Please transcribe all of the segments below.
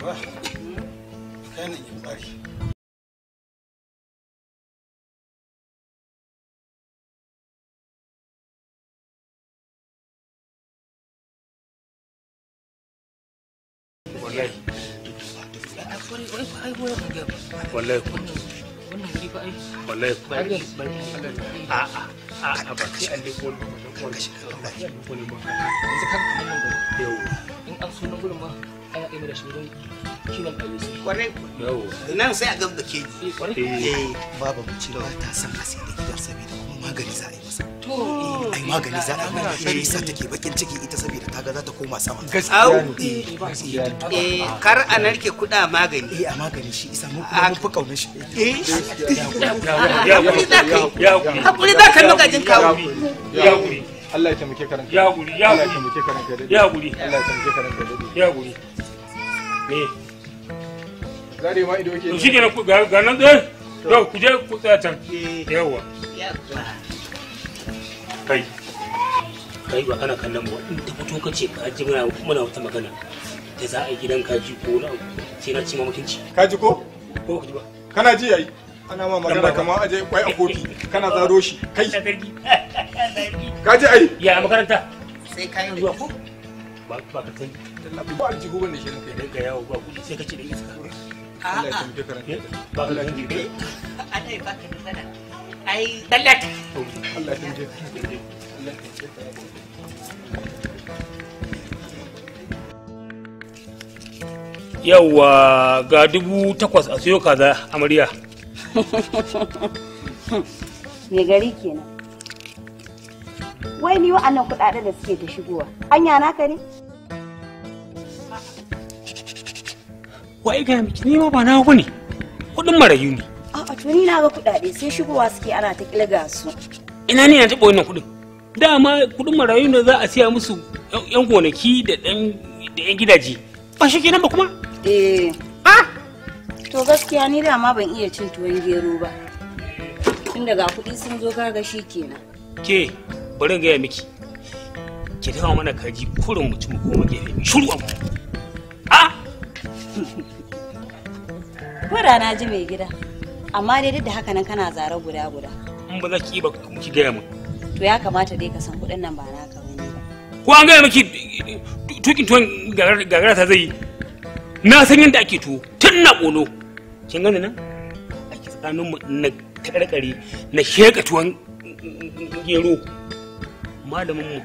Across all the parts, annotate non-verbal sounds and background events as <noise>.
الرحلة كان إجباري والله والله والله a ba ba an leko ne ba yanzu kan kamar nan da in an so na gurin ma ana iya da shi wurin kiwon nan sai a gam da keji eh, eh babu mu cirewa ta san asiri gidan sabida kuma magani za a yi masa ai magani za a ga shi yasa take bakin ciki ita saboda ta ga za ta koma sama gaskiya eh kar a narke kuda magani eh a magani shi isa mun kuma mun fi kaunar shi eh ya kuri da kai magajin kawo ya guri Allah ya taimake karan ya guri ya guri Allah ya taimake karan ka dade ya guri Allah ya taimake karan ka dade ya guri eh gare ma ido yake to shi ne ga nan dai to ku je ku tsaya can yawa kai kai ba kana kallon ba in ta fito kace ka ji muna muna wata magana da za a yi gidan kaji ko na ce na ci ma mutunci kaji ko ko kaji ba kana ji yayi ana ma magana kamar aje kwai a kofi kana zaro shi kai <laughs> kaji ai ya makaranta sai kayan zuwa ko ba ba ka sani ba a jigo wanda shi ne kai yawo ba kudi sai ka kace da iska Allah ya tambaye karanta eh, ba ka da hanji ana <laughs> ba ka da sana ai dallata Allah yawwa ga dubu takwas a siyo kaza amarya <laughs> me gari kenan wai ni wa'annan kudaden da suke ta shigowa anya na ka ne wai ga miki ne ma ba na ne kudin marayu ne tuni na ga kuɗaɗe sai shigowa suke ana ta kilga su ina ne na taɓa wannan kudin dama kuɗin marayu ne za a siya musu yan gonaki da yan gidaje ba shi kenan ba kuma eh ah to gaskiya ni dama ban iya cin tuwon gero ba tun daga kuɗi sun zo ga shi kenan ke bari gaya miki ki dawo mana kaji kurin mutum ko gefe shiru abu ah Kura na ji mai gida. amma dai duk da haka nan kana zara guda guda in ba za ki ba ki gaya mu to ya kamata dai ka san kuɗin nan ba na ka bane ko an gaya miki tukin tuwon gagara ta zai na san yadda ake tuwo tun na ƙono kin gani nan a tsakanin mu na karkare na sheka tuwon gero malamin mu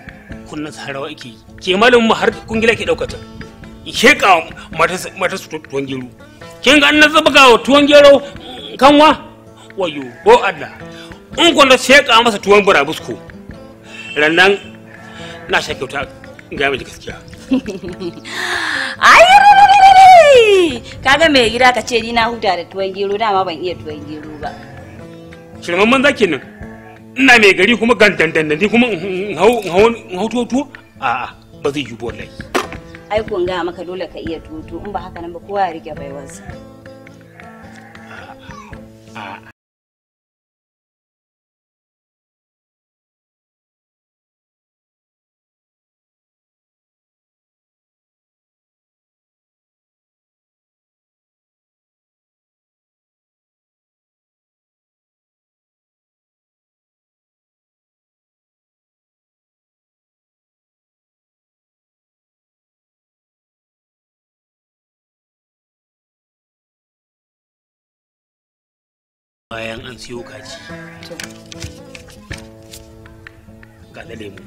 kunna sarawa ake yi ke malamin mu har kungila ke ɗaukata sheka mata su tuwon gero kin ga an na zaba tuwon gero kanwa wayo ko Allah in da sheka masa tuwon burabusko rannan na ta ga miji gaskiya ayi <laughs> kaga mai gida ka ce ni na huta da tuwon gero dama ban iya tuwon gero ba shirman manza kenan ina mai gari kuma gandandandandi kuma in hau tuwo a a ba zai yi wallahi ai kun ga maka dole ka iya tuwo in ba haka nan ba kowa ya rike baiwarsa Ah. bayan an siyo kaji ga da lemu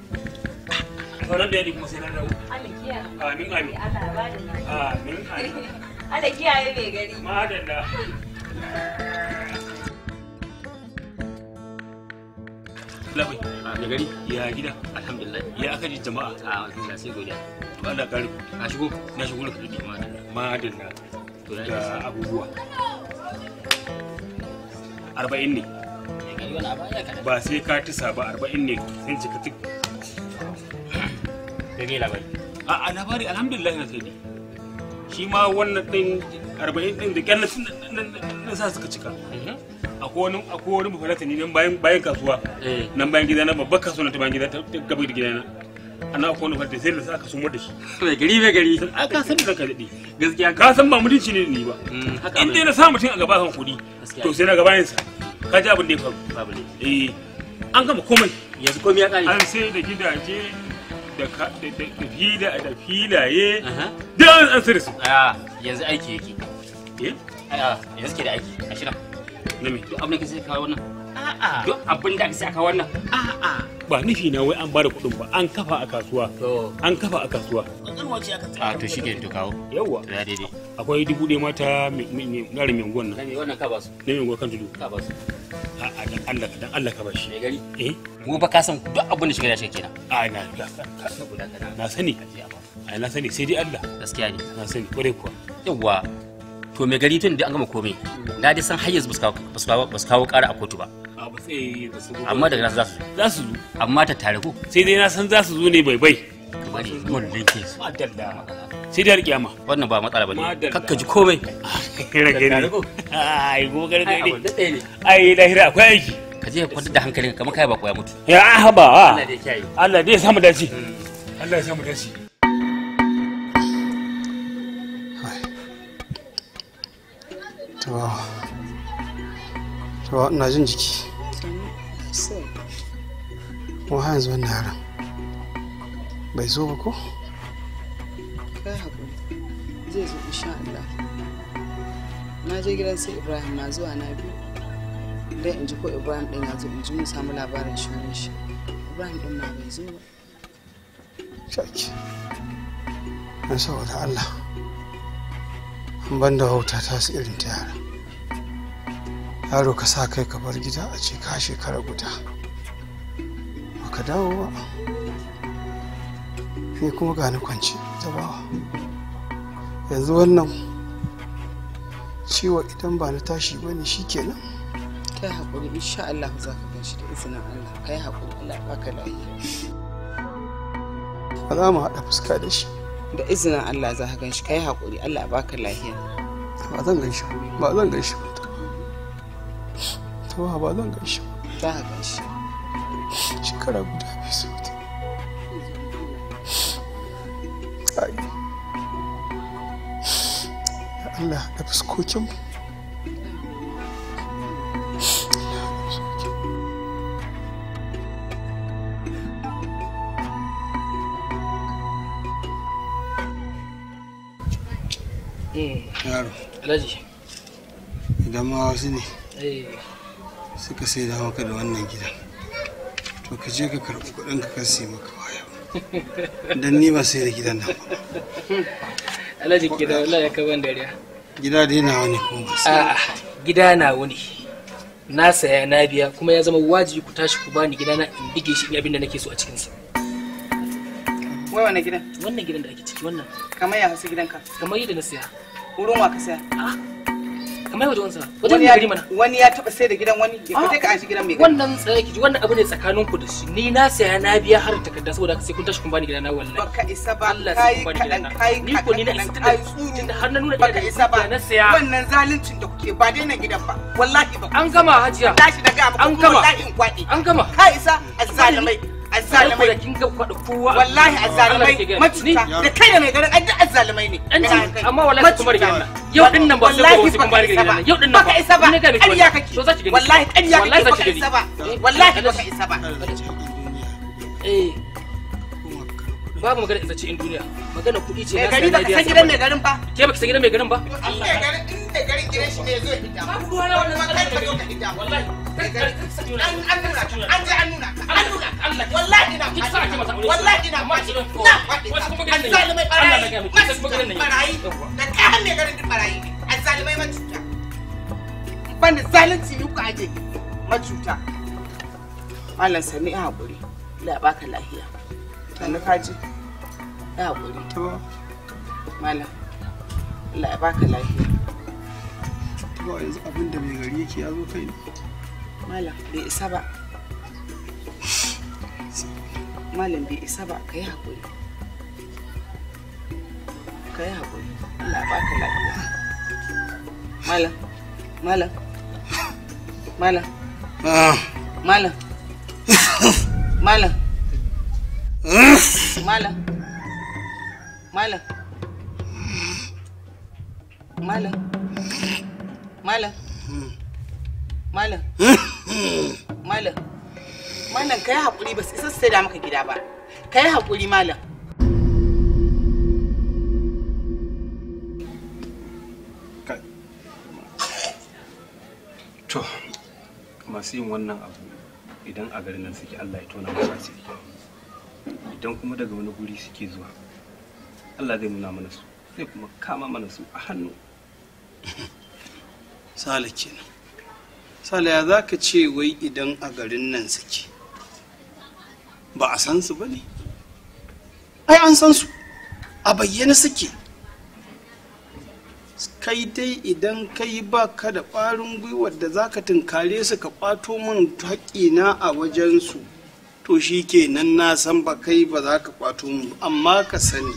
sauran da ya kuma sai na dawo amin amin amin amin ala <laughs> kiyaye mai gari da labai a gari ya gida alhamdulillah ya aka ji jama'a a ah, alhamdulillah sai godiya to Allah kare a shigo na shigo na kudi madalla madalla to ya abubuwa arba'in ne ba sai ka tisa ba arba'in ne sai cika tuk da ne labari a labari alhamdulillah na sai shi ma wannan din arba'in din da kyan na sa suka cika mhm. akwai wani mafarata ne nan bayan kasuwa eh. nan bayan gida na babbar kasuwa na ta bayan gida ta gaba da gida na ana kone fadda sai da sa aka sumo da shi mai gari mai gari a ah, ka san da ka daɗe gaskiya ka san ba mutunci ne ni ba mm, in dai na sa mutum a gaba kan kuɗi to sai na gabayin sa ka ji abin da ya faru babu ne eh an gama komai yanzu komai ya kare an sai da gidaje da fila da filaye duk an sai da su yanzu aiki yake eh yanzu ke da aiki a shirin na me to abin da ke sai kawo wannan A'a. don abin da sai aka wannan. A'a. Ba nufi na wai an bada kudin ba an kafa a kasuwa. An kafa a kasuwa. Ƙanƙanwa aka tsaya. A ah, to shi ke to kawo. Yawwa. Da daidai. Akwai dubu ɗaya mata ɗarin mengon nan. Wannan ka ba su. Na mengon kan tudu. Ka ba su. A'a dan Allah dan Allah ka bashi. Me gari? Eh. Mu ba ka san duk abin da shiga ya shiga kenan. A na na sani. A na sani sai dai Allah. Gaskiya ne. Na sani kwarai kuwa. Yawwa. To me gari tun da an gama komai. Mm. Na dai san har ba su kawo kara a kotu ba. a da amma daga nasu za su za su zo amma ta tare ko sai dai na san za su zo ne bai bai ka bari su sai dai alƙiyama wannan ba matsala bane kakka ji komai kira gani ai gogar gani ai lahira akwai aiki ka je kwanta da hankalinka kamar kai ba ko ya mutu ya haba Allah dai ya samu dace Allah ya samu dace to rawa ina jin jiki yanzu wannan yaran bai zo ba ko zai zo insha Allah na je gidan sai Ibrahim na zuwa na ko Ibrahim din zo in ji mu samu ma bai zo ba shaki an Allah an da hauta ta su irin ta yara yaro ka sa kai ka bar gida a ce ka shekara guda baka dawo ba ne kuma gani kwanci ta bawa yanzu wannan ciwo idan ba na tashi ba ne shi kenan kai haƙuri insha Allah za ka gan shi da izinin Allah kai haƙuri Allah baka lafiya ba za mu haɗa fuska da shi da izinin Allah za ka gan shi kai haƙuri Allah baka lafiya ba zan gan shi ba zan gan shi ba zuwa ba zan gaishe za ka gaishe shekara guda bai su ta ai Allah da fuskokin eh. yaro alhaji idan ma wasu ne eh. suka sai da maka da wannan gidan to ka je ka karɓi kuɗin ka kasi maka waya don ni ba sai da gidan nan ba alhaji gida wala ya kaban dariya gida dai nawa ne ko ba a'a gida nawa ne na saya na biya kuma ya zama wajibi ku tashi ku bani gidana in bige shi abin da nake so a cikinsa. Wai wannan gidan? Wannan gidan da ake ciki wannan. Kamar ya hasu gidanka? Kamar yadda na saya. Wurin wa ka saya? Ah, kamar wajen wansa wajen mai gari mana wani ya taba sai da gidan wani ya fita ka ah, an shi gidan mai gari wannan tsaye ki wannan abu ne tsakanin ku da shi ni na saya na biya har takarda saboda sai kun tashi kun bani gidana wallahi baka isa ba Allah sai kun bani gidana ni ko ni na isa tunda har na nuna baka isa ba na saya wannan zaluncin da kuke ba daina gidan ba wallahi ba an gama hajiya tashi daga an gama an gama ka isa azzalimai azzalimai kin ga kwada kowa wallahi azzalimai macuta da kai da mai garin ai duk azzalimai ne amma wallahi kuma riga yau din nan ba sai ko sai kun bari yau din nan baka isa ba ya kake to za kake isa ba wallahi isa ba eh babu magana isa ce in duniya magana kuɗi ce eh, na gari ba ka san gidan mai garin ba ke ba ka san gidan mai garin ba Allah mai garin in da garin gidan shi ne zo ya fita babu ruwa na wannan magana ka zo ka fita wallahi an an nuna an je an nuna an nuna Allah wallahi na ki sa ki mata wallahi na ma ci na faɗi an zalimai barayi ma ne barayi da kayan mai garin din barayi an zalimai macuta ban da zalunci ni ku aje macuta malam sami haƙuri la baka lahiya sannu kaji ya haƙuri to malam Allah ya baka lafiya to yanzu abin da mai gari yake ya zo kai ne malam bai isa ba malam bai isa ba ka yi haƙuri ka yi haƙuri Allah ya baka lafiya malam malam malam ah. malam malam Malam. Malam. Malam. Malam. Malam. Malam. Malam kai ba isa sai da maka gida ba. Kai haƙuri malam. To, masu yin wannan abu idan a garin nan suke Allah ya tona masu asiri. idan kuma daga wani guri suke zuwa Allah zai nuna mana su zai kuma kama mana su a hannu <laughs> sale kenan sale ya za ka ce wai idan a garin nan suke ba a san su ba ne ai an san su a bayyane suke kai dai idan kai ba ka da ƙwarin gwiwar da za ka tunkare su ka ƙwato min haƙƙina a wajensu to shi ke nan na san ba kai ba za ka kwato mu amma ka sani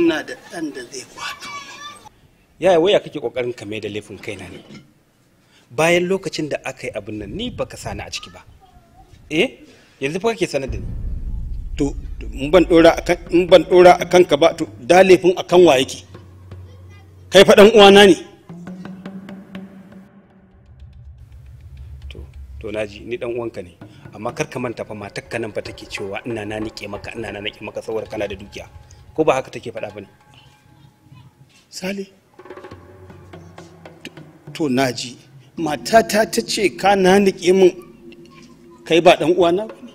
ina da ɗan da zai kwato ya yi waya kake kokarin ka mai da laifin kai na ne bayan lokacin da aka yi abin nan ni ba ka sani a ciki ba eh yanzu fa kake sanar da ni to in ban dora akan in ban dora akan ka ba to da laifin akan wa yake kai fa dan uwana ne to to naji ni dan uwanka ne amma kar ka manta fa matar ka nan fa take cewa ina na nike maka ina na nike maka saboda kana da dukiya ko ba haka take faɗa bane sale to naji matata ta ce ka na nike min kai ba dan na bane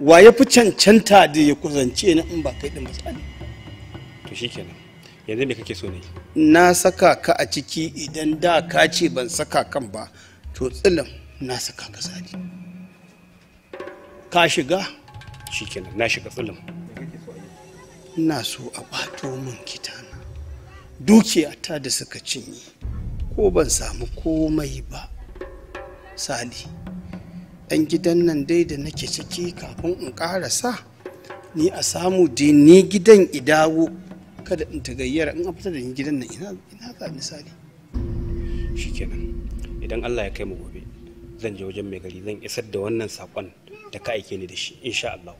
wa ya fi cancanta da ya kuzance ni in ba kai din ba sale to shikenan yanzu me kake so ne na saka ka a ciki idan da ka ce ban saka kan ba to tsilin na saka ka sadi ka shiga shikenan na shiga tsulum ina so a bato min kitana dukiyata da suka cinye ko ban samu komai ba sali ɗan gidan nan dai da nake ciki kafin in ƙarasa ni a samu dai ni gidan idawo kada in gayyara in da gidan nan ina za ni shikenan idan allah ya kai mu gobe zan je wajen mai gari zan isar da wannan saƙon da ka aike ni da shi insha Allah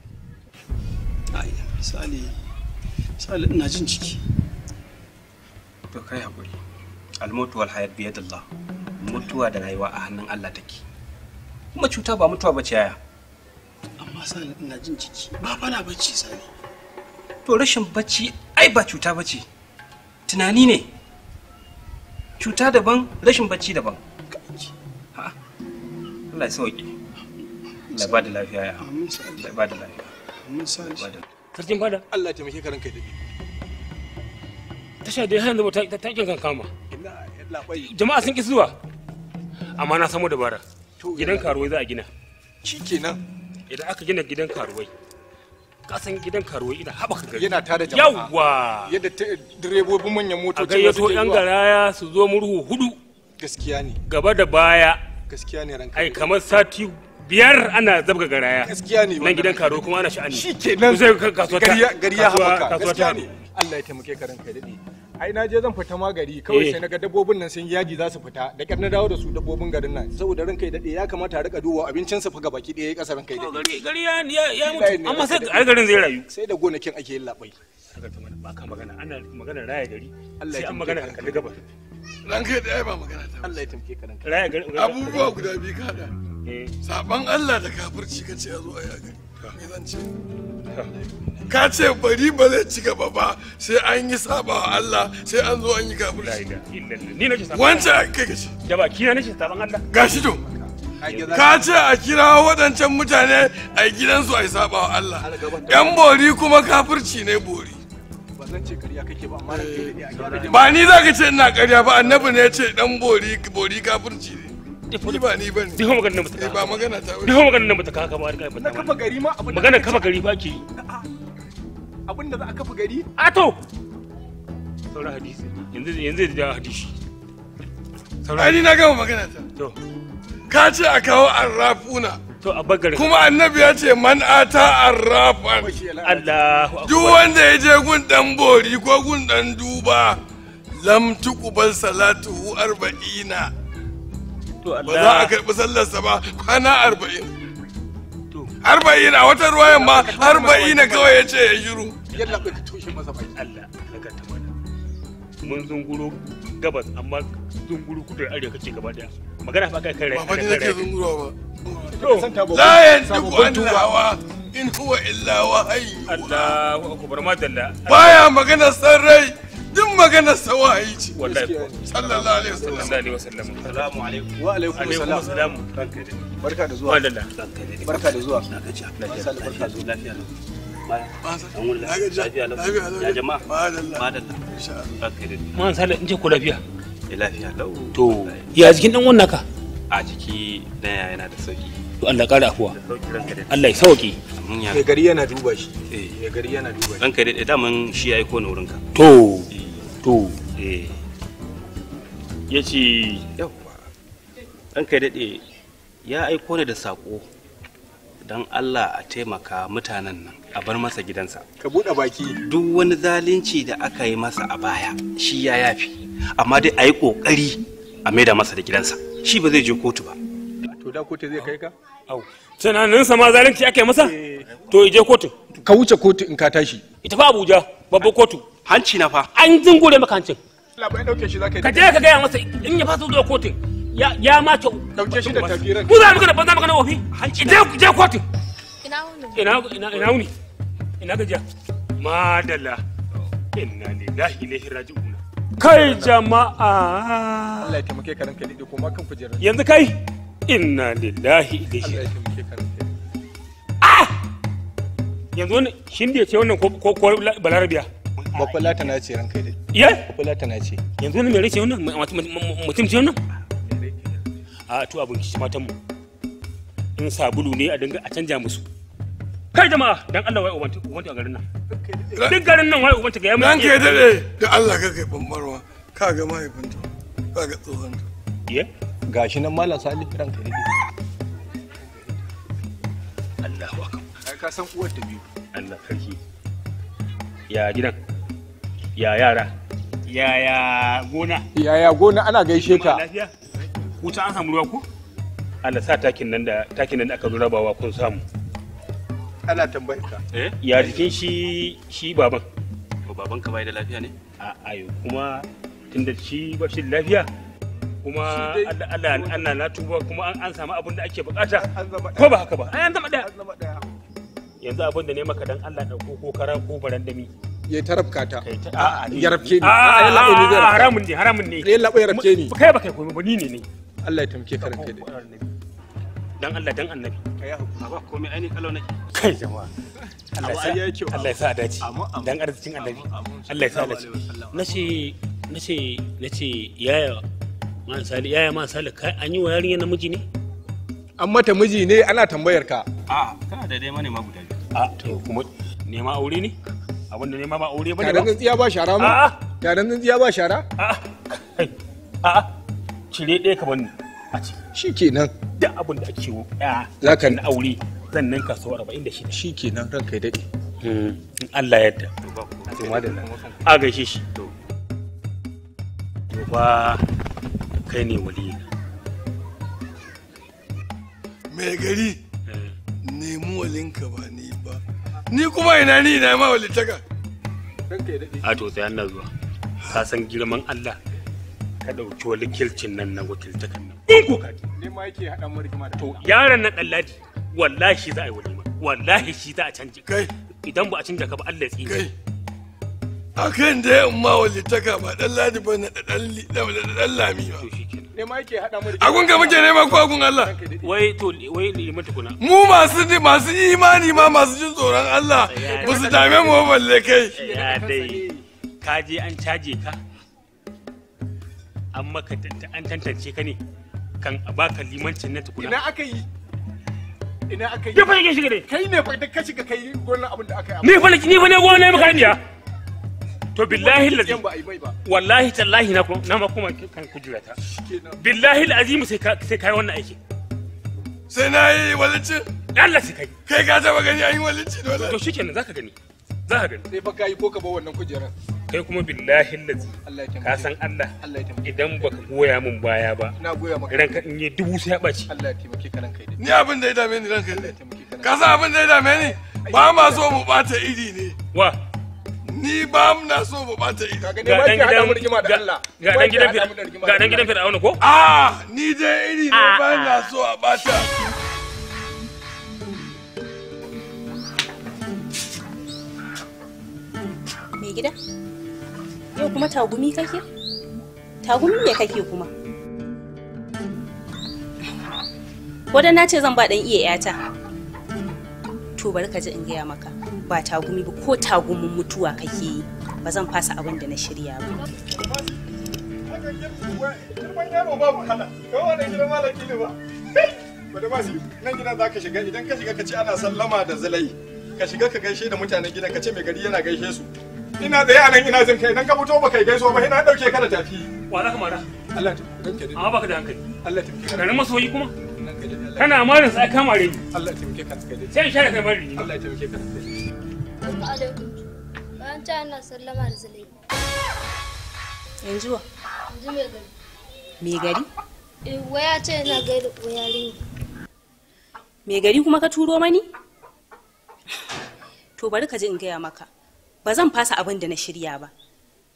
ai misali misali ina jin ciki to kai hakuri almutu wal hayat bi yadillah mutuwa da rayuwa a hannun Allah take kuma cuta ba mutuwa bace yaya amma sani ina jin ciki ba na bacci sani to rashin bacci ai ba cuta bace tunani ne cuta daban rashin bacci daban Allah ya sauke laba da lafiya ya Allah da lafiya sarkin fada Allah taimake da tasha da ta kin jama'a sun ki zuwa amma na samu dabara gidan karuwai za a gina shikenan idan aka gina gidan karuwai kasan gidan karuwai ina haɓaka gari yana tada jama'a yadda direbobin manyan a gayyato yan garaya su zo murhu hudu gaskiya ne gaba da baya gaskiya ne ranka ai kamar sati biyar ana zabga garaya gaskiya ne nan gidan karo kuma ana sha'ani shi ke nan zai kasuwa gari ya haɓaka gaskiya ne Allah ya taimake ka ranka dade ai na je zan fita ma gari kawai eh. sai naga dabbobin nan sun yaji za su fita da kyar na dawo da su dabbobin garin nan saboda ranka ya dade ya kamata a rika duwa abincin su fa gabaki daya kasa ranka ya dade gari ya ya mutu amma sai ai garin zai rayu sai da gonakin ake yin labai ba ka magana ana magana raya gari sai an magana kalli gaba ranka ya dade ba magana ta Allah ya taimake ka ranka raya gari abubuwa guda biyu ka da Saban Allah da kafirci ka ce a zo a yaga. Me zan ce? Ka ce bari ba zai ci gaba ba sai an yi saba wa Allah sai an zo an yi kafirci. Ni nake saban. kai ka ce. Da baki na nake saban Allah. Gashi to. Ka ce a kira waɗancan mutane a gidansu a yi saba wa Allah. Yan bori kuma kafirci ne bori. Ba ni za ka ce ina karya ba annabi ne ya ce ɗan bori kafirci ne. ni ba ni bane magana mutaka ba magana ta ni magana na mutaka ka ba riga na kafa gari ma abin magana kafa gari ba ke abin da za a kafa gari a to sauran hadisi yanzu yanzu da hadisi ai ni na gama magana ta to ka ce a kawo arrafuna to a bagare kuma annabi ya ce man ata arrafan Allahu duk wanda ya je gun dan bori ko gun dan duba lam tuqbal salatuhu arba'ina ba za a karɓi sallarsa ba kwana arba'in arba'in a watan ruwayan ma arba'in na kawai ya ce ya shiru yalla bai ka toshe masa bai Allah daga ta mana mun zunguro gabas amma zunguru kudu da arewa kace gaba daya magana fa kai kai rai ba ni nake zunguro ba la yanzu an in huwa illa wahayi Allahu akbar madalla baya magana san rai din magana sa ce sallallahu alaihi wasallam wa alaikum assalam barka da zuwa barka da zuwa barka da zuwa lafiya ya ya jikin dan wannan a na da sauki Allah afuwa Allah ya sauki eh. gari yana duba shi eh ya gari yana duba ranka da daman shi yayi ko wurinka to to eh. ya ce ɗan kai daɗe ya aiko ne da saƙo don allah a taimaka mutanen nan a bar masa gidansa ka buɗe baki duk wani zalunci da aka yi masa a baya shi ya yafi amma dai a yi ƙoƙari a maida masa da gidansa shi ba zai je kotu ba to da kotu zai kai ka au tunaninsa ma zalunci aka yi masa eh. to je kotu ka wuce kotu in ka tashi ita fa abuja babbar kotu hanci na fa an zungure maka hancin ka je ka gaya masa in ya fasa zuwa kotun ya ma ta dauke shi da tafiran mu za mu kana banza maka na wofi hanci je je kotun ina wuni ina ina wuni ina gajiya madalla inna lillahi ilaihi raji'un kai jama'a Allah ya taimake ka ranka dai kuma kan kujerar yanzu kai inna lillahi ilaihi raji'un ah yanzu wannan shin da ya ce wannan ko ko balarabiya bakwala tana ce ranka dai ya bakwala tana ce yanzu wani mai wannan mutum ce wannan a to abun kishi matan in sabulu ne a dinga musu kai jama'a dan Allah wai ubanta ubanta a garin nan duk garin nan da Allah ka kai bambarwa ka ga mahaifinta ka ga ya gashi nan ranka dai Allahu biyu Allah ya gidan ya yara yaya gona yaya gona ana gaishe ka ta an samu ruwa ku Allah sa takin nan da takin nan da aka bawa kun samu ana tambayar ka eh ya jikin shi shi baban to baban ka bai da lafiya ne a ayo kuma tunda shi ba shi da lafiya kuma Allah Allah na tuba kuma an samu abin da ake bukata ko ba haka ba an zama daya yanzu abin da ne maka dan Allah dauko ko karan ko barandami ya tarabka ta ya rafke ni haramun ne haramun ne ya labo ya rafke ni kai ba kai komai ba ni ne ne Allah ya tamke ka ranka da dan Allah dan annabi kai hukuma ba komai nake kai jama'a Allah ya sa dace dan arzikin annabi Allah ya sa dace nace nace nace yaya man sali yaya man sali kai an yi wa yarinya namiji ne an mata miji ne ana tambayar ka a kana da dai manema guda biyu a to kuma nema aure ne abinda ne nema ba aure ba ne ba. tsiya ba shara ma? A'a. Taron tsiya ba shara? A'a. Cire ɗaya ka bani a ce. Shi kenan. Duk abin da ake wo ɗaya. Za ka na aure zan ninka kaso arba'in da shida. Shi kenan ranka ya daɗe. Hmm. In Allah yadda. A gaishe shi. To ba kai ne wali. Mai gari. Eh. Nemi walinka ba ne ni kuma ina ni ina ma walitaka a to sai na zuwa ka san girman Allah ka dauki kilcin nan na wakiltakan nan in ko kaji ne ma yake hada mu rigima da to yaron nan dallaji wallahi za a yi walima wallahi shi za a canje kai idan ba a canja ka ba Allah ya tsine kai akan da yamma walitaka ba dallaji ba na dalli da dallami ba to shikenan agun ka muke nema ko agun Allah wai to wai liman tukuna mu masu masu imani ma masu jin tsoron Allah ba su dame mu ba balle kai ya dai ka je an caje ka an maka an tantance ka ne kan a baka limancin na tukuna ina aka yi ina aka yi ya fa yake shiga dai kai ne fa da ka shiga kai gonan abin da aka yi ni fa ni fa ne gonan maka ne to billahi lazi wallahi tallahi na na ma kuma kan kujira ta billahi alazimu sai ka sai kai wannan aiki sai na yi walicin Allah sai kai kai ka taba gani ayi yi dole to shikenan zaka gani zaka gani sai fa kai ko ka bar wannan kujerar kai kuma billahi lazi ka san Allah idan baka goya mun baya ba na goya maka ranka in yi dubu sai ya baci Allah ya taimake ka ranka ni abin da ya dame ni ranka ka san abin da ya dame ni ba ma so mu bata iri ne wa ni ba na so mu bata yi. ga dan gidan da Allah ga dan gidan ga dan gidan fir'auna ko a ah, ni da iri ne ah, ba ah. na so a bata me gida yau kuma tagumi kake tagumi ne kake kuma wadda ce zan ba dan iya yata to bari ka ji in gaya maka ba tagumi ba ko tagumin mutuwa kake yi ba zan fasa abin da na shirya ba nan gidan za ka shiga idan ka shiga ka ce ana sallama da zalai ka shiga ka gaishe da mutanen gidan ka ce mai gari yana gaishe su ina tsaye a nan ina jin kai idan ka fito baka yi gaisuwa ba ina dauke ka da tafi wala kamar Allah ta danke da amma baka da hankali Allah ta garin masoyi kuma kana amarin sai ka mare ni Allah ta muke ka sai in share kai bari Allah ta muke ka ta sallama da Yanzu wa? Yanzu mai gari. Mai gari? Waya ce Mai gari kuma ka turo mani? To bari ka ji in gaya maka. Ba zan fasa abin da na shirya ba.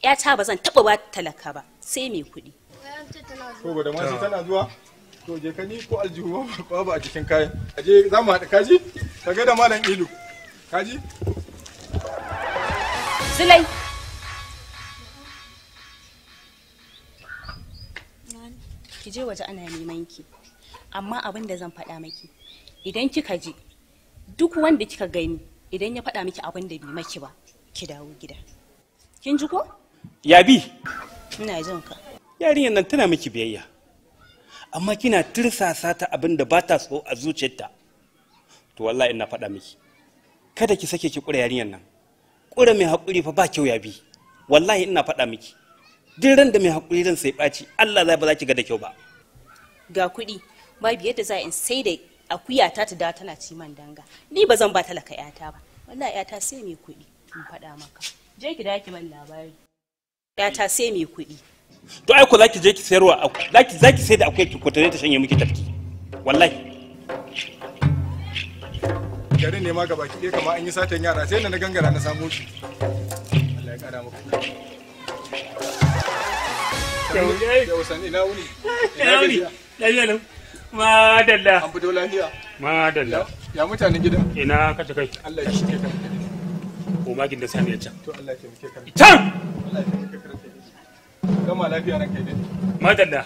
‘Yata ba zan taɓa ba talaka ba, sai mai kuɗi. To, ba da masu tana zuwa? To, je ka ni ko aljihu babu a cikin kayan. Aje za mu haɗa kaji? Ka ga da malam ilu. Kaji? Zulai. Ki je waje ana neman ki. Amma abin da zan faɗa miki idan kika je, duk wanda kika gani idan ya faɗa miki abin da bai maki ba, ki dawo gida. Kin ji ko? Ya bi. Ina jin ka. Yarinyar nan tana miki biyayya. Amma kina tirsasa ta abin da ba ta so a zuciyarta. To wallahi ina faɗa miki. Kada ki sake ki kura yarinyar nan. ƙura mai haƙuri fa ba kyau ya bi wallahi ina faɗa miki duk ran da mai haƙuri ran sai ɓaci Allah zai ba za ki ga da kyau ba ga kuɗi babu yadda za in sai da akuya ta ta da tana ci man danga ni ba zan ba talaka yata ba wallahi yata sai mai kuɗi in faɗa maka je ki daki man labari yata sai mai kuɗi to ai ku zaki je ki sayarwa zaki zaki sai da akuya ki kwatare ta shanye miki tafki wallahi garin ne ma ga baki ɗaya kamar an yi satan yara sai da na gangara na samu shi Allah ya kara muku Yausan ya mutanen gida ina kace kai Allah ya shike ka ko magin da sani ya can to Allah ya taimake ka can Allah ya taimake ka gama lafiya ranka dai madalla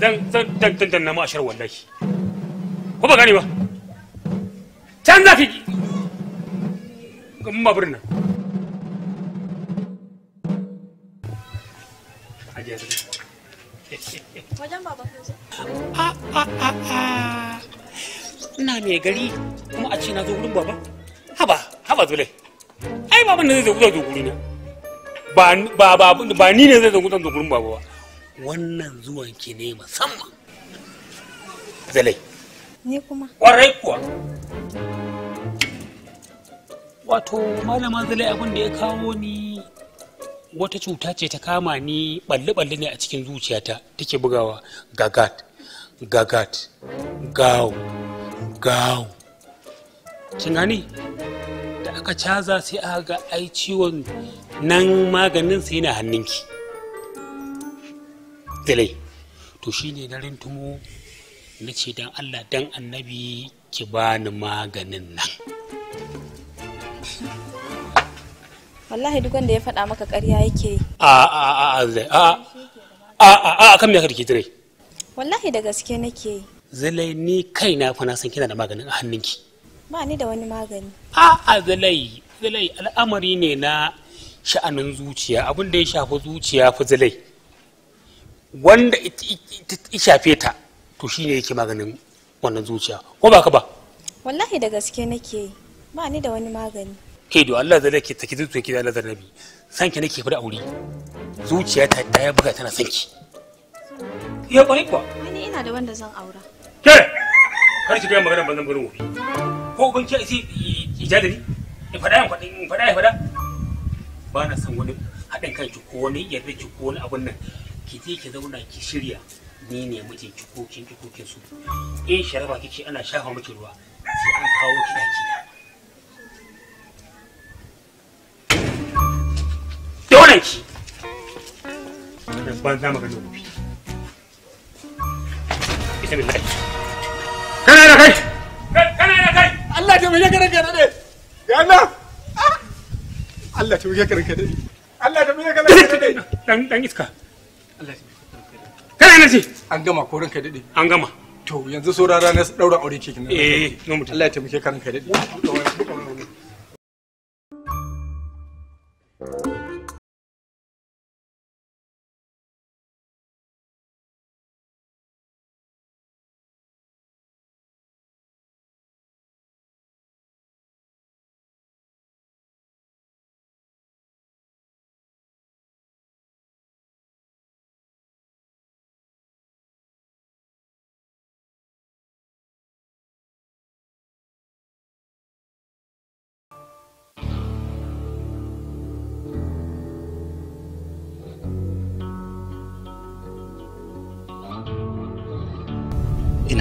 zan zan tantan na ma ashar wallahi ko ba gane ba can za ka ki ga mabur nan wajen baba a a a a ina mai gari kuma a ce na zo wurin baba haba haba zule ai baban nan zai zo gudan doguri na ba ni ne zai zo gudan dogurin baba wannan zuwan ki ne musamman zale. ni kuma kwarai kuwa wato malama zale abin da ya kawo ni wata cuta ce ta kama ni balle-balle ne a cikin zuciyata take bugawa gagat gagat gaw gaw kin da aka caza sai aka ga ai ciwon nan maganin sai yana hannunki zale to shine na rintumo na ce don allah dan annabi ki bani maganin nan wallahi duk wanda ya faɗa maka ƙarya yake yi a a a a a a kan me ka dake wallahi da gaske nake yi zalai ni kai na fa na san kina da maganin a hannunki ba ni da wani magani a a zalai zalai al'amari ne na sha'anin zuciya abin da ya shafi zuciya fa zalai wanda ya shafe ta to shine yake maganin wannan zuciya ko ba ka ba wallahi da gaske nake yi ba ni da wani magani ke do Allah zai ke take zuciya ki da Allah zarrabi san ki nake fara aure zuciya ta ta buga tana san ki ya kware kwa ni ina da wanda zan aura ke kar ki ga magana ban zan gurin wofi ko ban ki sai ijadari in fada in fada in fada in fada ba na san wani haɗin kanki ko wani yarda ki ko wani abun nan ki je ki zauna ki shirya ni ne ki ko kin ki ko kin su in sharaba kike ana shafa miki ruwa sai an kawo ki daki kalan ban za kana da kai kana da kai Allah ta wuce karanka da ne ya Allah Allah ta wuce karanka da ne Allah ta wuce karanka da ne dan dan iska Allah ta kana na ce an gama ko ranka an gama to yanzu saurara na daura aure eh, Allah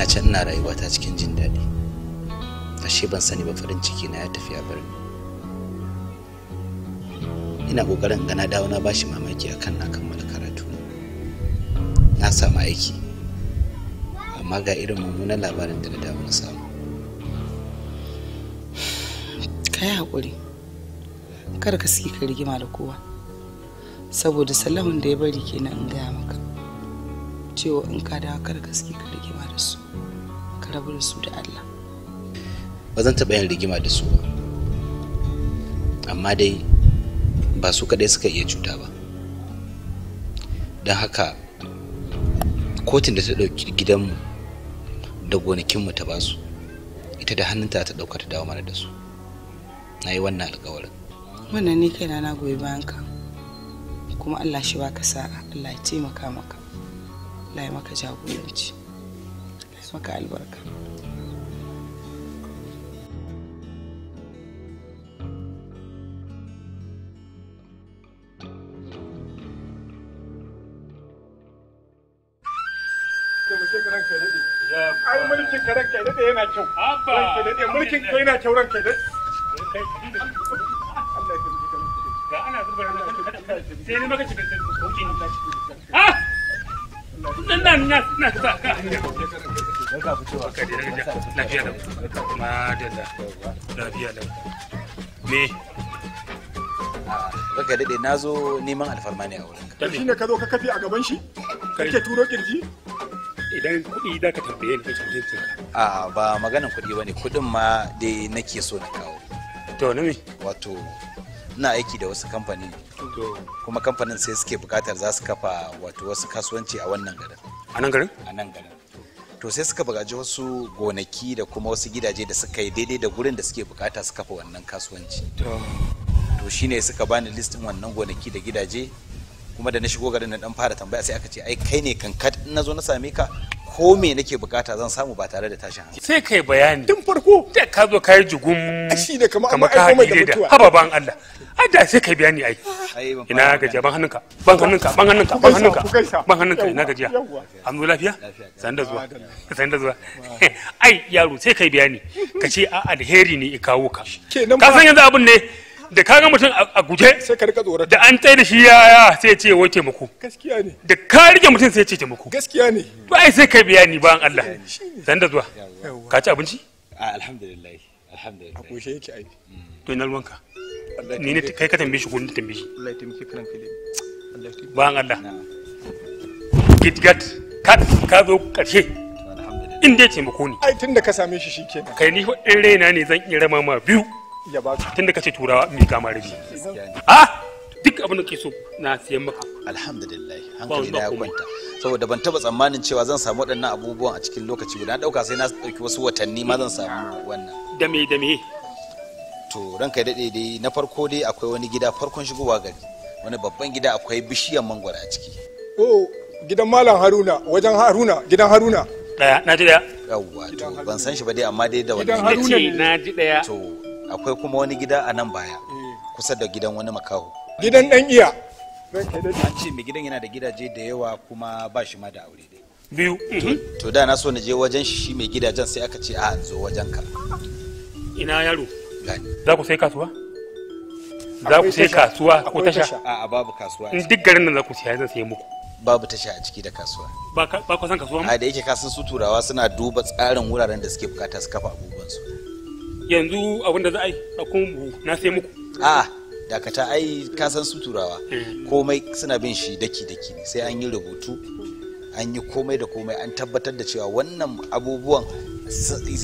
ina can ina rayuwa ta cikin jin daɗi ashe ban sani ba farin ciki na ya tafi a bar ina kokarin ga na dawo na bashi mamaki akan na kammala karatu na samu aiki amma ga irin mummunan labarin da na dawo na samu ka yi haƙuri kar ka ka rigima da kowa saboda salamun da ya bari kenan in gaya maka cewa in ka dawo kar gaske ka rigima da su ka rabu da su da Allah ba zan taɓa yin rigima da su amma dai ba su kaɗai suka iya cuta ba don haka kotun da ta ɗauki gidanmu da gonakinmu ta ba su, ita da hannunta ta ɗauka ta dawo mana da su na yi wannan alkawarin wannan ne kaina na goyi bayanka kuma allah shi baka sa'a allah ya taimaka maka Allah ya maka jagoranci Allah ya maka albarka mulkin ka yana kyau ranka ana nan na na ta ka hanya ka fitowa ka da raja lafiya da madalla lafiya da me Raka daɗe na zo neman alfarma ne a wurin ka. Shi ne ka zo ka kafe a gaban shi? Kake turo kirji? Idan kuɗi da ka tambaye ni ka tambaye ka. A ba maganin kuɗi ba ne kuɗin ma dai nake so na kawo. To na Wato ina aiki da wasu kamfani kuma kamfanin sai suke bukatar za su kafa wato wasu kasuwanci a wannan garin a nan garin a nan garin to sai suka bugaji wasu gonaki da kuma wasu gidaje da suka yi daidai da gurin da suke bukata su kafa wannan kasuwanci to shine suka bani listin wannan gonaki da gidaje kuma da na shigo garin na dan fara tambaya sai aka ce ai kai ne kankat in na zo na same ka ko me nake bukata zan samu ba tare da tashin hankali sai kai bayani tun farko da ka zo kai jugun shi da kamar ka haɗi da haba ban Allah ai da sai kai biya ni ai ina gajiya ban hannunka ban hannunka ban hannunka ban hannunka ban hannunka ina gajiya an zo lafiya san da zuwa san da zuwa <laughs> ai yaro sai kai biya ni ka ce a alheri ne i kawo ka ka san yanzu abun ne da ka ga mutum a guje sai ka rika tsorata da an tsaye da shi ya ya sai ce wai taimako gaskiya ne da ka rike mutum sai ce taimako gaskiya ne to ai sai kai biya ni ban Allah san da zuwa ka ci abinci alhamdulillah alhamdulillah a koshe yake ai to ina ruwanka ni ne kai ka tambaye shi ko ni tambaye shi Allah ya taimake ka ranka Allah ya taimake Allah gidgat ka ka zo karshe in dai taimako ni ai tunda ka same shi shikenan kai ni in raina ne zan iya rama ma biyu ya ba ka tunda kace turawa mi kama ma rabi ah duk abin da ke so na siyan maka alhamdulillah hankali na ya kwanta saboda ban taba tsammanin cewa zan samu waɗannan abubuwan a cikin lokaci guda na dauka sai na dauki wasu watanni ma zan samu wannan da me da me to ranka daɗe dai na farko dai akwai wani gida farkon shigowa gari wani babban gida akwai bishiyar mangwara a ciki o gidan malam haruna wajen haruna gidan haruna daya na ji daya yawwa to ban san shi ba dai amma dai da wani gidan haruna na ji daya to akwai kuma wani gida a nan baya eh. kusa da gidan wani makaho gidan dan iya an ce mai gidan yana da gidaje da yawa kuma ba shi ma da aure dai biyu to mhm. da na so na je wajen shi mai gidajen sai aka ce a zo wajen ka ina yaro za ku sai kasuwa za ku sai kasuwa ko tasha a babu kasuwa in duk garin nan za ku sai zan sai muku babu tasha a ciki da kasuwa ba ka san kasuwa a da yake kasan su turawa suna duba tsarin wuraren da suke bukata su kafa abubuwan su yanzu abin da za a yi a na sai muku a dakata ai kasan su turawa eh. komai suna bin shi daki daki sai an yi rubutu an yi komai da komai an tabbatar da cewa wannan abubuwan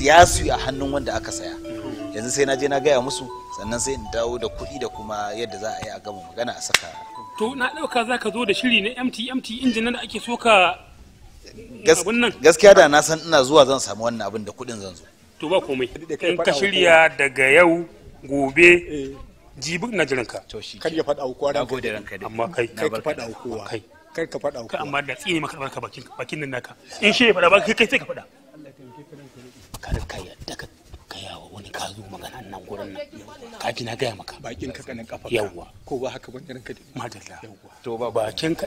ya suyi a hannun wanda aka saya yanzu sai na je na gaya musu sannan sai in dawo da kuɗi da kuma yadda za a yi a gama magana a saka to na ɗauka za ka zo da shiri na mt mt injin da ake so ka gaskiya da na san ina zuwa zan samu wannan abin da kuɗin zan zo to ba komai in ka shirya daga yau gobe eh. jibi na jiran ka kar ya faɗa hukuwa da gode ranka dai amma kai kai ka faɗa kowa kai kai ka faɗa kowa amma da tsine maka barka bakin bakin nan naka in shi ya faɗa ba kai kai sai ka faɗa kada ka yadda ka yawo ni ka zo gaya maka bakin ka kanin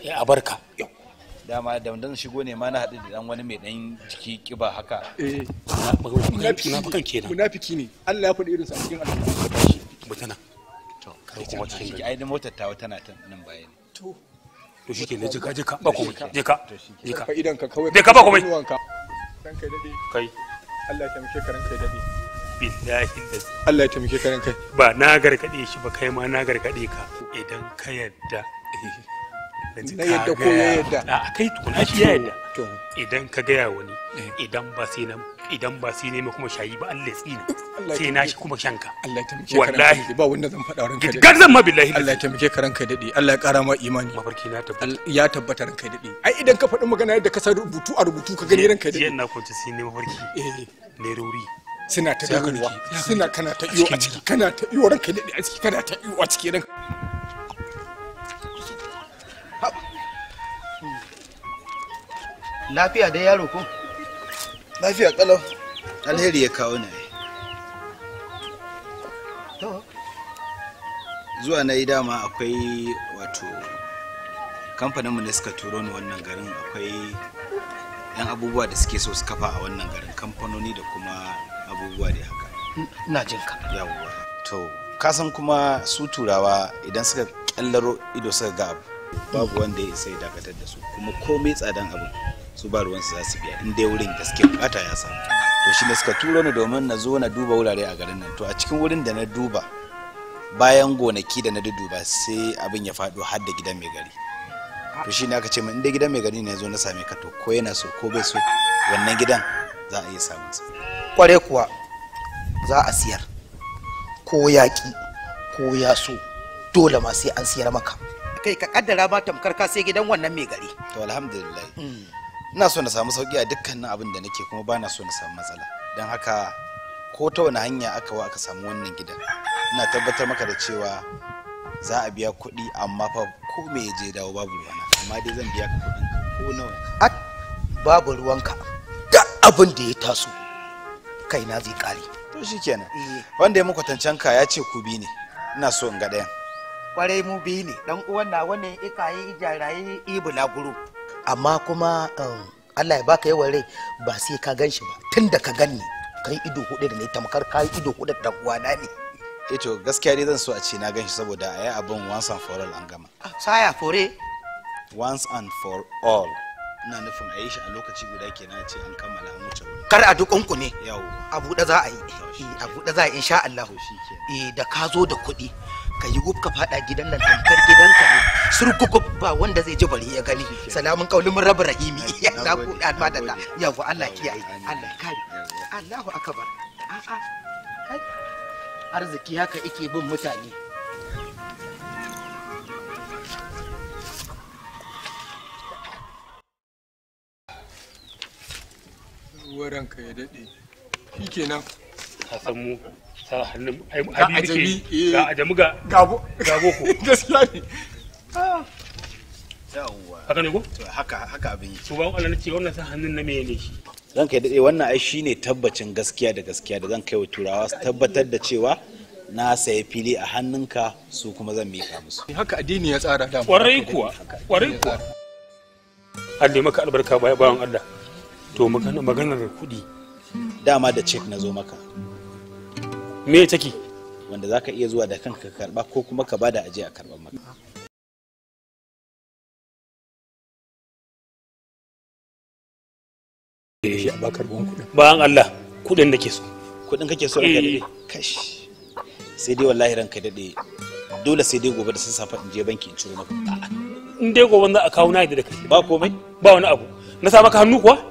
ya barka dama da shigo ne ma na da wani mai dan kiba haka eh. munafiki ne Allah faɗi irin cikin alƙur'ani mutana to kai kuma cikin ai da motar ta tana nan baya ne to to shike ne jika jika ba komai jika jika ka idan ka kawai ka ba komai kai billahi Allah ya taimake ka kai ba na gargade shi ba kai ma na gargade ka idan ka yadda na yadda ko ya yadda a kai tukuna shi ya yadda idan ka gaya wani eh. idan ba sai na idan ba sai nema kuma shayi ba Allah ya tsina sai na shi kuma shanka Allah ya taimake wallahi ba wanda zan faɗa ranka dade zan ma billahi Allah ya taimake ka ranka dade Allah ya ƙara ma imani mafarki na tabbata ya tabbata ranka dade ai idan ka faɗi magana yadda ka sa rubutu a rubutu ka gani ranka dade yana na sai ne mafarki eh ne suna ta dagowa suna kana ta iyo a ciki kana ta iyo ranka daɗe a ciki kana ta iyo a ciki ranka lafiya dai yaro ko lafiya kalau alheri ya kawo na zuwa na yi dama akwai wato kamfaninmu ne suka turo ni wannan garin akwai 'yan abubuwa da suke so su kafa a wannan garin kamfanoni da kuma abubuwa da haka ina jin ka yawwa to kasan kuma su turawa idan suka kyallaro ido suka ga abu babu wanda ya isa ya dakatar da su kuma komai tsadan abu su ba su za su biya inda wurin gaske bukata ya samu to shi ne suka turo ni domin na zo na duba wurare a garin nan to a cikin wurin da na duba bayan gonaki da na duduba sai abin ya fado har da gidan mai gari to shi ne aka ce min inda gidan mai gari ne zo na same ka to ko yana so ko bai so wannan gidan za a iya samun sa kware kuwa za a siyar ko yaƙi ko ya dole ma sai an siyar maka kai ka kaddara ba tamkar ka sai gidan wannan mai gari to alhamdulillah mm. ina so na samu sauki a dukkanin abin da nake kuma bana so na samu matsala don haka ko ta wani hanya aka wa aka samu wannan gidan ina tabbatar maka da cewa za a biya kuɗi amma fa ko me ya je dawo babu ruwana amma dai zan biya ka kuɗin ko nawa babu ruwanka duk abin da ya taso na zai kare to shikenan wanda ya muku ka ya ce ku bi ne ina so in ga ɗayan kwarai mu bi ne dan uwan na wannan ikaye jaraye ibula guru amma kuma um, Allah ya baka yawan rai ba sai ka ganshi ba tunda ka ganni kai ido hudu da ne tamkar kai ido hudu da na ne eh to gaskiya dai zan so a ce na gan shi saboda a yi abin once and for all an gama saya fore once and for all ina nufin a yi shi a lokaci guda kenan ce an kammala an wuce wuri kar a duk ne a buɗe za a yi eh, a buɗe za a yi insha Allah eh da ka zo da kuɗi ka yi gub ka faɗa gidan nan tamkar gidan ka ne gub ba wanda zai ji bari ya gani salamun kaulin rabu rahimi na ku <laughs> da madalla yawa Allah kiyaye Allah kare Allahu akbar a'a arziki haka ike bin mutane waranka ya daɗe shi kenan ka san mu sa hannun habibi ke ga eh. ajami ga gabo ko <laughs> gaskiya ne haka ne ko haka haka abin yi to ba Allah nace wannan sa hannun na meye ne shi zan kai daɗe wannan ai shine tabbacin gaskiya da gaskiya da zan kai wa turawa su tabbatar da cewa na sayi fili a hannunka su kuma zan mika musu eh, haka addini ya tsara da kwarai kuwa kwarai kuwa Allah maka albarka bayan Allah to maganar kuɗi dama da cek na zo maka me take wanda za ka iya zuwa da kanka karba ko kuma ka bada aje a karban maka eh, bayan Allah kudin da ke so kudin kake so ranka dade kash sai dai wallahi ranka daɗe dole sai dai gobe da sun safa in je banki in ciro maka in dai gobe za a kawo na da kai ba komai ba wani abu na sa maka hannu kuwa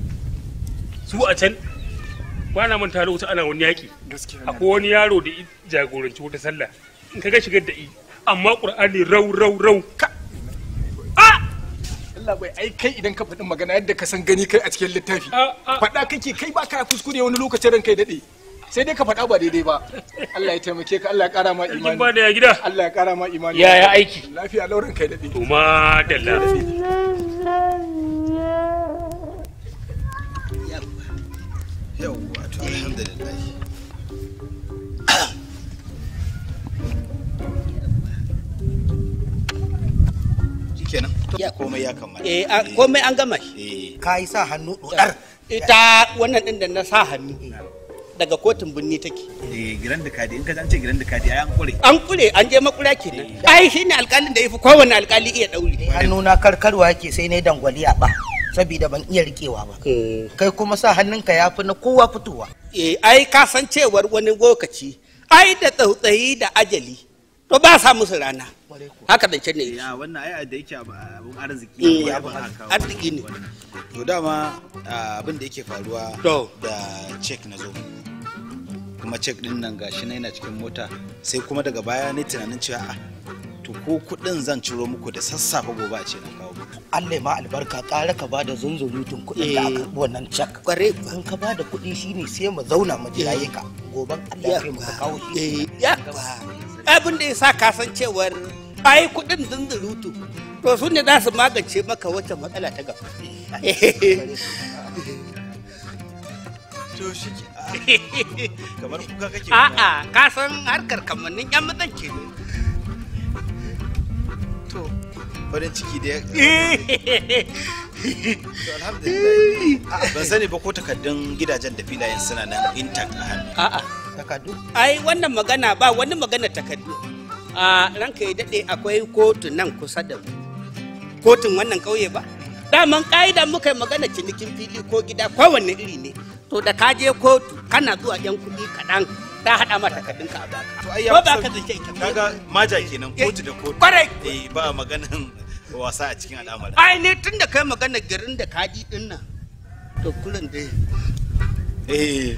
su a can ba na manta da wata ana wani yaƙi akwai wani yaro da jagoranci wata sallah in kaga shigar da i amma qur'ani rau rau rau ka Allah bai ai kai idan ka faɗi magana yadda ka san gani kai a cikin littafi faɗa kake kai ba ka kuskure wani lokacin ran kai daɗe sai dai ka faɗa ba daidai ba <laughs> Allah ya taimake ka Allah ya ƙara ma imani ba da ya gida Allah ya ƙara ma imani yaya aiki lafiya lauran kai daɗe to ma dalla yawwa to alhamdulillah komai ya eh, komai an gama eh. ka yi sa hannu dodar ita wannan din da na sa hannu daga kotun birni take eh giran da kadi in ka ce giran da kadi an kure an kure an je makura kenan ai shine alƙalin da yafi kowanne alƙali iya daure hannu na karkarwa yake sai ne dangwali a ba saboda ban iya rikewa ba eh. kai kuma sa hannunka ya fi na kowa fitowa eh ai ka san cewar wani lokaci ai da tsautsayi da ajali to ba sa musu rana haka da ce ne ya wannan ai da yake abun arziki eh, ne arziki ne to dama abin da yake faruwa da check na zo kuma check din nan gashi na yana cikin mota sai kuma daga baya ne tunanin cewa ah, to ko kuɗin zan ciro muku da sassafe gobe a ce na kawo muku Allah ma albarka ƙara ka bada zunzurutun kuɗin da aka eh. wannan cak kware an ka bada kuɗi shine sai mu zauna mu jiraye eh. ka goban Allah ya kai mu kawo shi eh. abin da ya sa kasancewar ai kuɗin zunzurutu to su ne za su magance maka wata matsala ta gaba <laughs> kamar kuka kake a'a ka san harkar kamannin yan mazan ke ne farin ciki da ya <laughs> eh. ban sani ba ko takardun gidajen da filayen suna nan intact a hannu a'a takardu ai wannan magana ba wani magana takardu a ranka ya dade akwai kotu nan kusa da kotun wannan kauye ba daman ka'idan muka yi magana cinikin fili ko gida kowanne iri ne to da ka je kotu kana zuwa yan kuɗi kaɗan ta haɗa ma takardunka a baka ko ba ka zance ita kaga maja kenan eh, kotu da kotu kwarai eh, ba maganan wasa a cikin al'amarin ai ne tun da kai magana garin da kadi din nan to kullun dai eh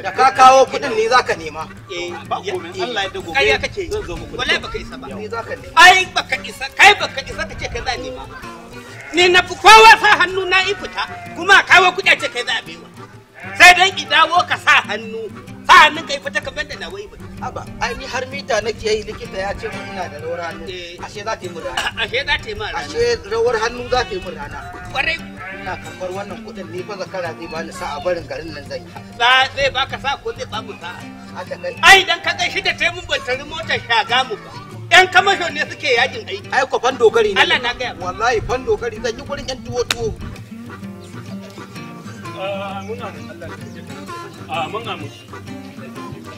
da ka kawo kudin ne zaka nema eh ba komai Allah ya dago kai kake zan zo muku wallahi baka isa ba ni zaka nema ai baka isa kai baka isa kace kai za nema ni na fi kowa sa hannu na ifita kuma kawo kudi a ce kai za a biyo sai dan ki dawo ka sa hannu sa hannun kai fita ka banda na wai haba ai ni har mita nake yi likita ya ce mun ina da rawar hannu eh. ashe za ta yi murana <laughs> ashe za ta yi murana ashe rawar hannu za ta yi murana kwarai ina karbar wannan kudin ni fa zakara zai bani a barin garin nan zan yi ba zai baka sa ko zai babu sa. ai dan ka gaishe da taimun ban tari motar shaga mu ba yan kamashon ne suke yajin aiki ai ko fan dogari ne Allah na ga wallahi fan dogari zan yi gurin yan tuwo tuwo Ah, mun amu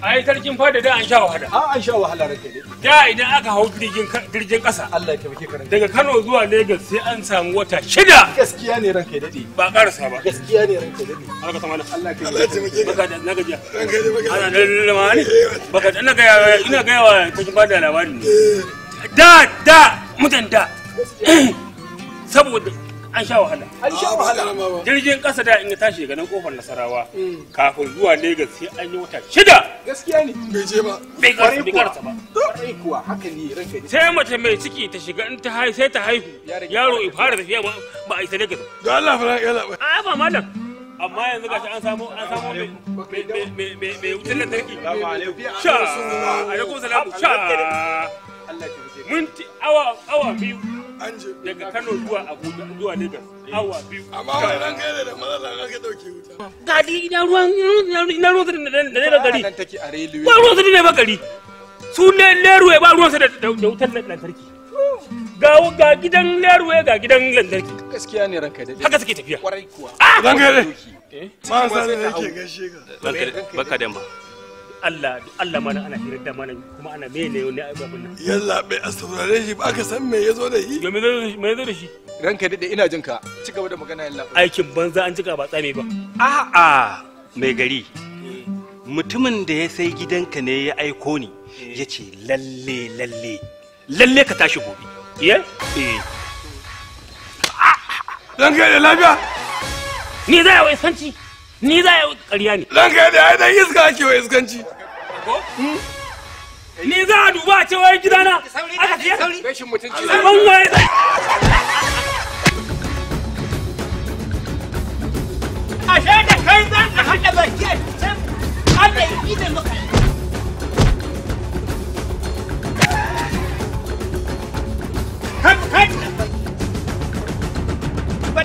ai sarkin fada da an sha wahala a ah, an sha wahala rake ne da idan aka hau jirgin kasa Allah ya tabbake karanta daga Kano zuwa Lagos sai an samu wata shida gaskiya ne ranka dade ba karasa ba gaskiya ne ranka dade Allah ka Allah ka tabbake baka da na da lamani baka da ga eh, ina ga yawa eh. da da mutan da <clears throat> saboda an sha wahala an sha wahala jirgin kasa da in tashi daga nan kofar nasarawa mm. kafin zuwa Legas sai an yi wata shida gaskiya ne bai je ba bai karasa bai karasa ba kwarai kuwa haka ne ranka sai mace mai ciki ta shiga in ta haihu sai ta haihu yaro ya fara tafiya ba ba a isa Legas da Allah fara ya labai a ba malam amma yanzu gashi an samu an samu mai wutar lantarki sha alaikum salam sha minti awa awa biyu daga Kano zuwa Abuja zuwa Lagos awa biyu amma wannan gaira da matsala na ka dauke wuta gadi ina ruwan ina ruwan da ne da gari ba ruwan da ne ba gari su ne leruwe ba ruwan sa da wutar lantarki ga ga gidan leruwe ga gidan lantarki gaskiya ne ranka dade haka suke tafiya kwarai kuwa ah! ranka dade ma san ne yake gaishe ka baka da ma Allah Allah mana ana hirar da mana kuma ana me ne ne abin nan yalla bai a saurare shi ba ka san me yazo da shi yo me yazo da shi ranka dade ina jin ka ci gaba da magana yalla aikin banza an jika ba tsame ba A'a mai gari mutumin da ya sai gidanka ne ya aiko ni ya ce lalle lalle lalle ka tashi gobe ye eh ranka da lafiya ni zai wai sanci ni za yi ƙarya ne zan kai da aidan iska ake wa iskanci ni za a duba a cewa gidana aka fiye rashin mutunci ban a ashe da kai za a hada baki a can ana yi da maka Come, come!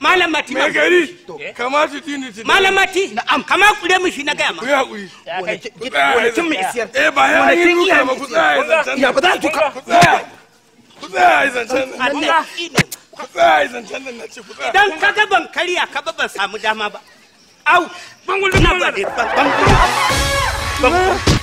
malam mati mai gari eh? kamata tini tini malam mati na'am kama kure mu shi na ga ma ya kuri mu isiyar eh ba ya yi duka ma ku ya ba za ku ka ku tsaya zan ce zancen Allah ku zan nan dan ga ban kariya ka ba ban samu dama ba au ban wulna ba ban ban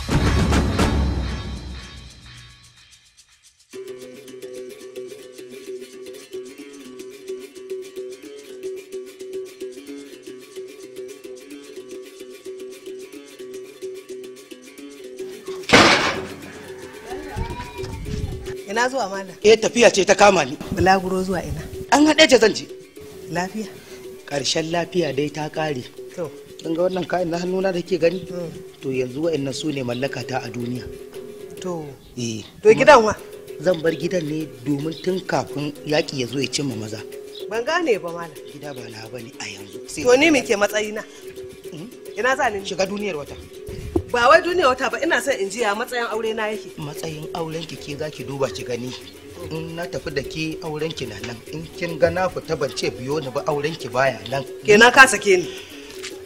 ina zuwa malam eh tafiya ce ta kama ni bulaguro zuwa ina an haɗe ce zan je lafiya ƙarshen lafiya dai ta ƙare to don ga wannan kayan na hannuna da ke gani mm. to yanzu wa'annan su ne mallaka ta a duniya to eh to gidan wa zan bar gidan ne domin tun kafin yaƙi ya zo ya cimma maza ban gane ba malam gida ba na bane a yanzu to ni me ke matsayina hmm? ina za ni shiga duniyar wata ba wai duniya wata ba ina son in ji a matsayin aure na yake matsayin auren ki ke zaki duba ki gani in na tafi da ke auren ki na nan in kin ga na fita ban ce biyo ni ba auren ki baya nan kenan ka sake ni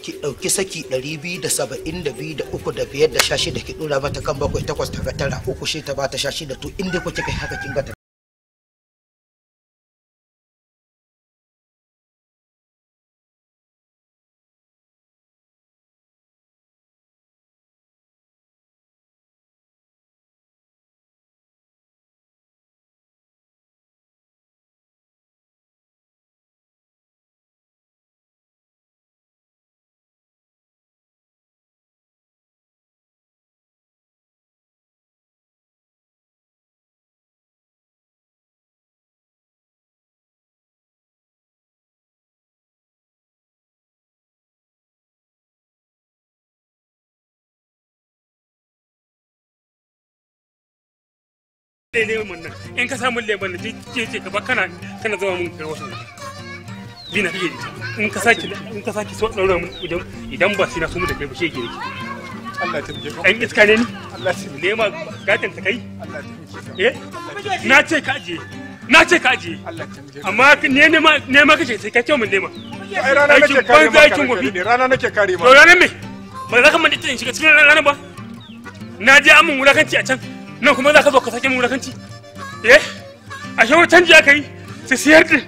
ki ɗauki saki 272 da uku da biyar da shashi ki ɗora mata kan bakwai takwas ta ga tara uku shi ta ba ta shashi da to inda kuke kai haka kin ga da lemon nan in ka samu lemon nan je je gaba kana kana zama mun ga wata bina kake in ka saki in ka saki so daura mun idan idan ba sina so mu da kai ba shi yake Allah ta ka an iska ne ni Allah ta ma ta kai Allah ta eh na ce ka je na ce ka je amma ne ne ma ne ma kace sai ka ce mun ne ma ai rana nake kare ma aikin gobi rana nake kare ma to me ba za ka mun shiga cikin rana ba na je amin wulakanci a can nan kuma za ka zo ka sake mun rakanci eh a shawar canji aka yi su siyar da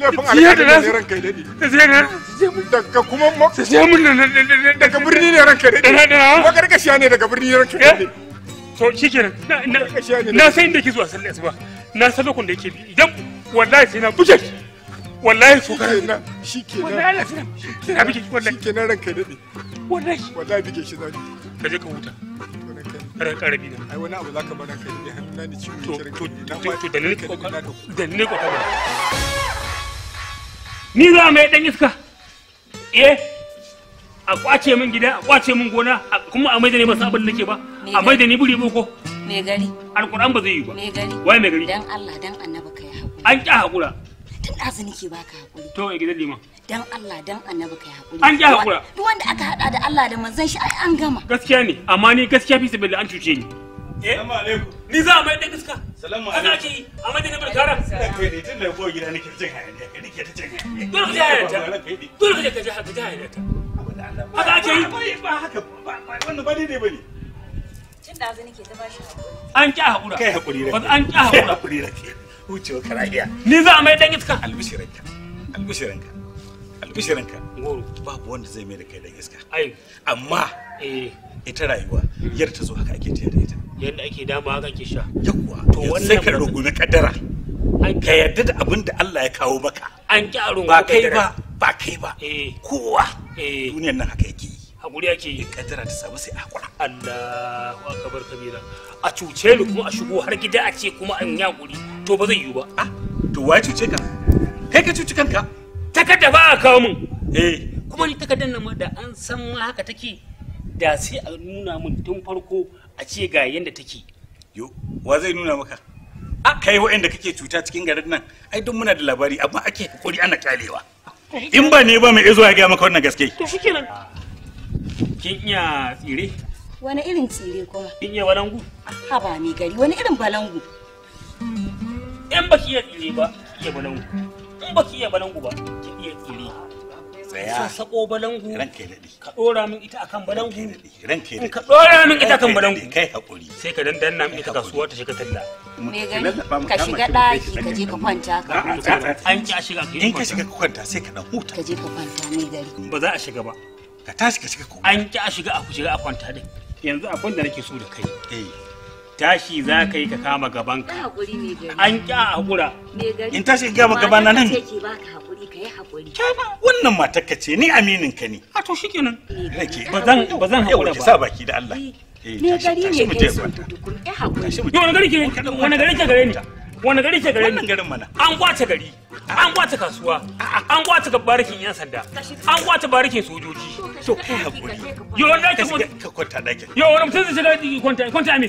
laifin da zai siyar da daga kuma ma su siyar mun da daga birni ne ranka daɗi ka makarƙashiya ne daga birni ranka daɗi eh? to shi kenan na sai inda ke zuwa sallar asuba na san da yake bi idan wallahi sai na buje wallahi so kana shi kenan wallahi sai na buge wallahi shi ranka daɗi wallahi wallahi buge shi zaki ka ka huta ran karabi ai wani abu zaka bada kai da hannu da ciwo to to to dalilin kokari dalilin kokari ni za mai dan iska eh a kwace min gida a kwace min gona kuma a mai da ne ba sabon nake ba a mai da ne buri boko me gari alquran ba zai yi ba me gari wai me gari dan Allah dan annabi kai hakuri an ki hakura tun da zan nake baka hakuri to gidan liman dan Allah dan annabi kai hakuri an ki hakura duk wanda aka hada da Allah da manzon shi ai an gama gaskiya ne amma ni gaskiya fi sabilla an cuce ni eh? Assalamu alaikum ni za a mai da gaskiya assalamu alaikum ana yi a mai da nabar kara kai ne tun da ko gida nake jin hayaniya kai nake ta jin hayaniya dole ka ji hayaniya dole ka ji ka ji hayaniya haka ake yi ba haka ba wannan ba daidai bane tun da zan nake ta bashi hakuri an ki hakura kai hakuri rake an ki hakura hakuri rake wucewa karahiya ni za a mai da gaskiya albishiranka albishiranka albishirinka babu wanda zai mai da kai dan iska amma eh. ita rayuwa ta zo haka ake tayar da ita yadda ake dama haka ake sha yawwa to wannan ka rugumi kaddara ka da abin da Allah ya kawo maka an ki a ba kai ba ba kai ba eh. kowa eh. duniyar nan haka yake hakuri ake yi kaddara ta samu sai hakura Allahu akbar kabira a cuce ni kuma a shigo har gida a ce kuma an yi hakuri to ba zai yiwu ba ah, to wai cuce ka kai ka cuci kanka takarda ba a kawo min eh kuma ni takardar nan ma da an san ma haka take da sai a nuna mun tun farko a ce ga yanda take yo wa zai nuna maka a ah. kai waɗanda kake cuta cikin garin nan ai duk muna da labari amma ake hakuri ana kyalewa in ba ne ba mai izo ya gaya maka wannan gaske to shikenan kin iya tsire wani irin tsire kuma kin iya walangu ha ba ni gari wani irin balangu ba baki iya tsire ba iya balangu in ba ki iya balangu ba ki iya tsire tsaya sako balangu ranka ya ka dora min ita akan balangu ranka ya ka dora min ita akan balangu kai hakuri sai ka dandanna min ita kasuwa ta shiga talla me gani ka shiga daki ka je ka kwanta ka huta an ki a shiga in ka shiga ka kwanta sai ka dan huta ka je ka kwanta me gari ba za a shiga ba ka tashi ka shiga ko an ki a shiga a shiga a kwanta din yanzu abin da nake so da kai eh tashi za ka yi ka kama gaban ka an ƙi a haƙura in tashi ka gama gaban nan wannan matar ka ce ni aminin ka ne a to shikenan ba zan ba zan haƙura ba sa baki da Allah eh, ne gari ne kai sun tutukun wani gari ke wani gari ke gare ni wani gari ke gare ni garin mana an kwace gari an kwace kasuwa an kwace barikin yan sanda an kwace barikin sojoji to kai hakuri yo wani ka kwanta dakin yo wani mutum zai shiga kwanta kwanta me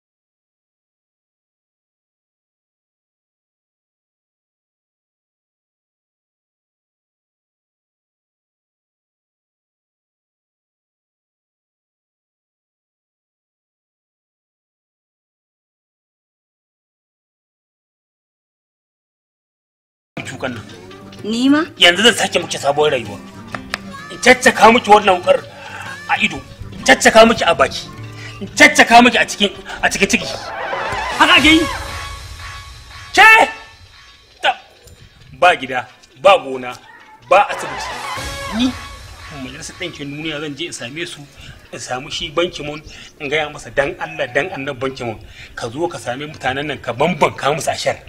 cukan nan ni ma yanzu zan sake miki sabuwar rayuwa in caccaka miki wannan wukar a ido in caccaka miki a baki in caccaka miki a cikin a cikin ciki haka ake yi ke ba gida ba gona ba asibiti ni majalisar ɗinkin duniya zan je in same su in samu shi banki mun in gaya masa dan Allah dan annan banki mun ka zo ka same mutanen nan ka bambanka musu shar